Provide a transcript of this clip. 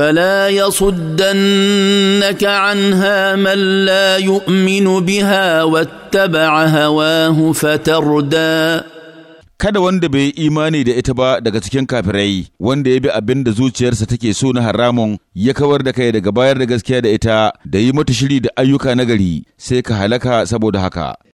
فلا يصدنك عنها من لا يؤمن بها واتبع هواه فتردى kada wanda bai yi imani da ita ba daga cikin kafirai wanda ya bi abin da zuciyarsa take so na haramun ya kawar da kai daga bayar da gaskiya da ita da yi mata shiri da ayyuka nagari sai ka halaka saboda haka